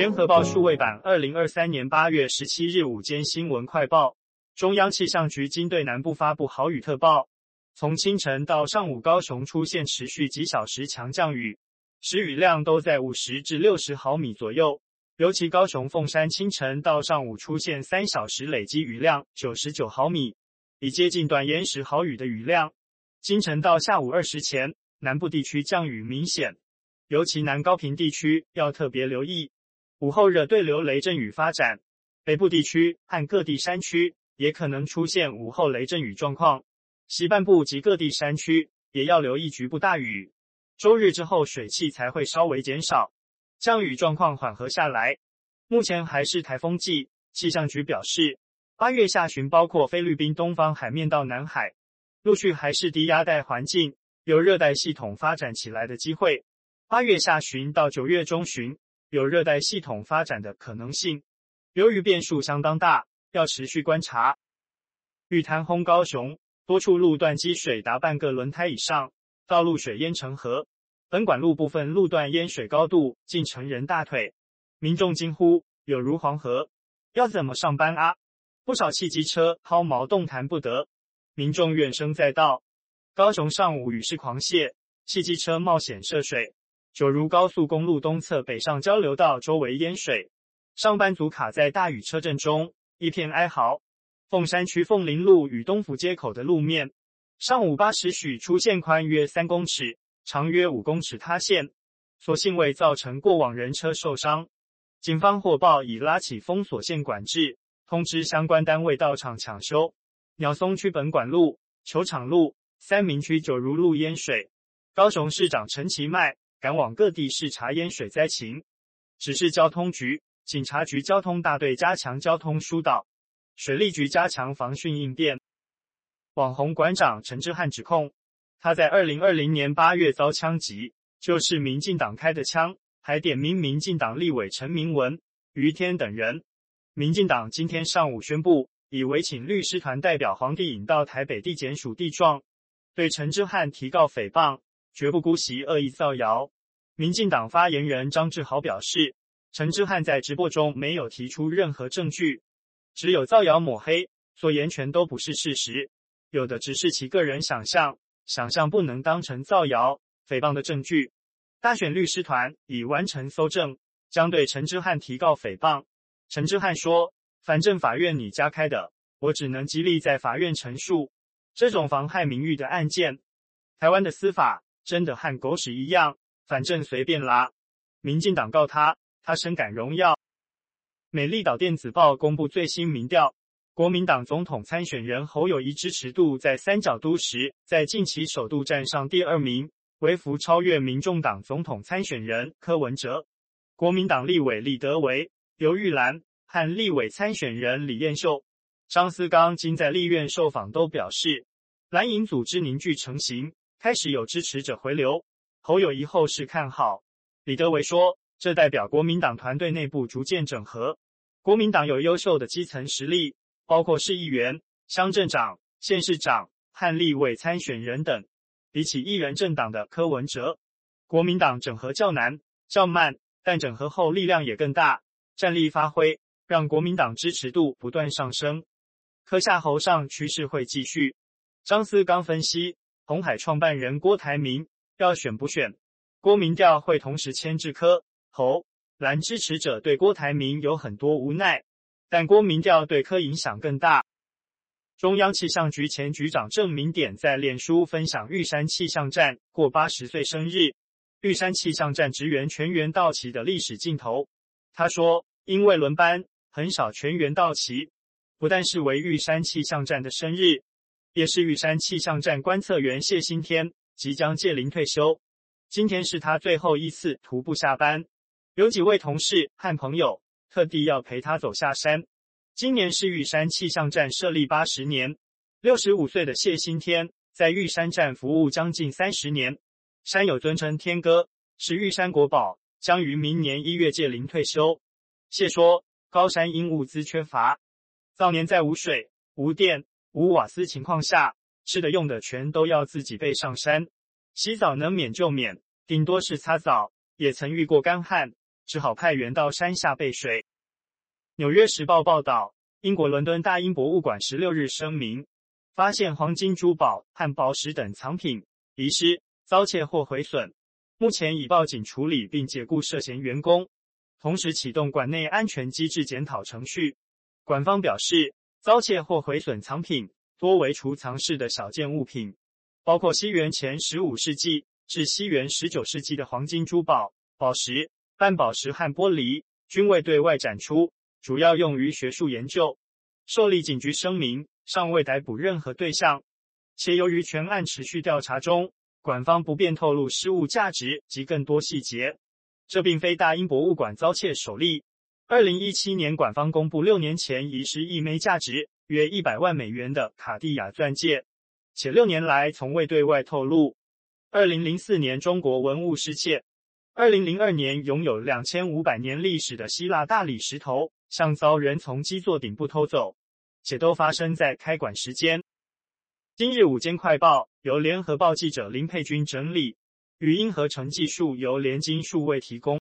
聯合報數位版二零二三年八月十七日午間新聞快報：中央氣象局今對南部發布豪雨特報。從清晨到上午，高雄出現持續幾小時強降雨，時雨量都在五十至六十毫米左右。尤其高雄鳳山清晨到上午出現三小時累積雨量九十九毫米，已接近短延時豪雨的雨量。清晨到下午二時前，南部地區降雨明顯，尤其南高屏地區要特別留意。午後熱對流雷陣雨發展，北部地區和各地山區也可能出現午後雷陣雨狀況。西半部及各地山區也要留意局部大雨。週日之後水汽才會稍微減少，降雨狀況緩和下來。目前還是颱風季，氣象局表示，八月下旬包括菲律賓東方海面到南海，陸續還是低壓帶環境，由熱帶系統發展起來的機會。八月下旬到九月中旬，有熱帶系統發展的可能性，由於變數相當大，要持續觀察。雨彈轟高雄，多處路段積水達半個輪胎以上，道路水淹成河，本管路部分路段淹水高度近成人大腿，民眾驚呼有如黃河，要怎麼上班啊？不少汽機車拋錨動彈不得，民眾怨聲載道。高雄上午雨勢狂瀉，汽機車冒險涉水。九如高速公路東側北上交流道周圍淹水，上班族卡在大雨車陣中，一片哀嚎。鳳山區鳳林路與東府街口的路面，上午八時許出現寬約三公尺、長約五公尺塌陷，所幸未造成過往人車受傷。警方獲報已拉起封鎖線管制，通知相關單位到場搶修。鳥松區本館路、球場路、三民區九如路淹水，高雄市長陳其邁。趕往各地視察淹水災情，指示交通局、警察局交通大隊加強交通疏導，水利局加強防汛應變。網紅館長陳之漢指控，他在二零二零年八月遭槍擊，就是民進黨開的槍，還點名民進黨立委陳明文、余天等人。民進黨今天上午宣布，已委請律師團代表黃帝穎到台北地檢署遞狀，對陳之漢提告誹謗。絕不姑息惡意造謠。民進黨發言人張志豪表示，陳之漢在直播中沒有提出任何證據，只有造謠抹黑、所言全都不是事實，有的只是其個人想象，想象不能當成造謠誹謗的證據。大選律師团已完成搜證，將對陳之漢提告誹謗。陳之漢說：“反正法院你家開的，我只能極力在法院陳述。這種妨害名譽的案件，台灣的司法。”真的和狗屎一樣，反正隨便拉。民進黨告他，他深感榮耀。美麗島電子報公布最新民調，國民黨總統參選人侯友宜支持度在三腳督時，在近期首度站上第二名，微幅超越民眾黨總，黨總統參選人柯文哲。國民黨立委李德維、劉玉蘭和立委參選人李彥秀、張斯綱今在立院受訪都表示，藍營組織凝聚成型。開始有支持者回流，侯友宜後勢看好。李德維說，這代表國民黨團隊內部逐漸整合。國民黨有優秀的基層實力，包括市議員、鄉鎮長、縣市長、含立委參選人等。比起一人政黨的柯文哲，國民黨整合較難、較慢，但整合後力量也更大，戰力發揮讓國民黨支持度不斷上升。柯下侯上趨勢會繼續。張思剛分析。鴻海創辦人郭台銘要選不選？郭民調會同時牽制柯、侯藍支持者，對郭台銘有很多無奈，但郭民調對柯影響更大。中央氣象局前局長鄭明典在臉書分享玉山氣象站過八十歲生日，玉山氣象站職員全員到齊的歷史鏡頭。他說：“因為輪班很少全員到齊，不但是為玉山氣象站的生日。”也是玉山氣象站觀測員謝新天即將屆齡退休，今天是他最後一次徒步下班，有幾位同事和朋友特地要陪他走下山。今年是玉山氣象站設立八十年，六十五歲的謝新天在玉山站服務將近三十年，山友尊稱天哥是玉山國寶，將於明年一月屆齡退休。謝說，高山因物資缺乏，早年在無水無電。無瓦斯情況下，吃的用的全都要自己背上山。洗澡能免就免，頂多是擦澡。也曾遇過乾旱，只好派員到山下背水。《紐約時報》報道，英國倫敦大英博物館十六日聲明，發現黃金、珠寶和寶石等藏品遺失、遭竊或毀損，目前已報警處理並解僱涉嫌員工，同時啟動館內安全機制檢討程序。館方表示。遭竊或毀損藏品多為儲藏室的小件物品，包括西元前十五世紀至西元十九世紀的黃金、珠寶、寶石、半寶石和玻璃，均未對外展出，主要用於學術研究。受理警局聲明，尚未逮捕任何對象，且由於全案持續調查中，館方不便透露失物價值及更多細節。這並非大英博物館遭竊首例。二零一七年，館方公布六年前遺失一枚價值約一百萬美元的卡地亞鑽戒，且六年來從未對外透露。二零零四年，中國文物失竊；二零零二年，擁有兩千五百年歷史的希臘大理石頭像遭人從基座頂部偷走，且都發生在開館時間。今日午間快報由聯合報記者林佩君整理，語音合成技術由聯經數位提供。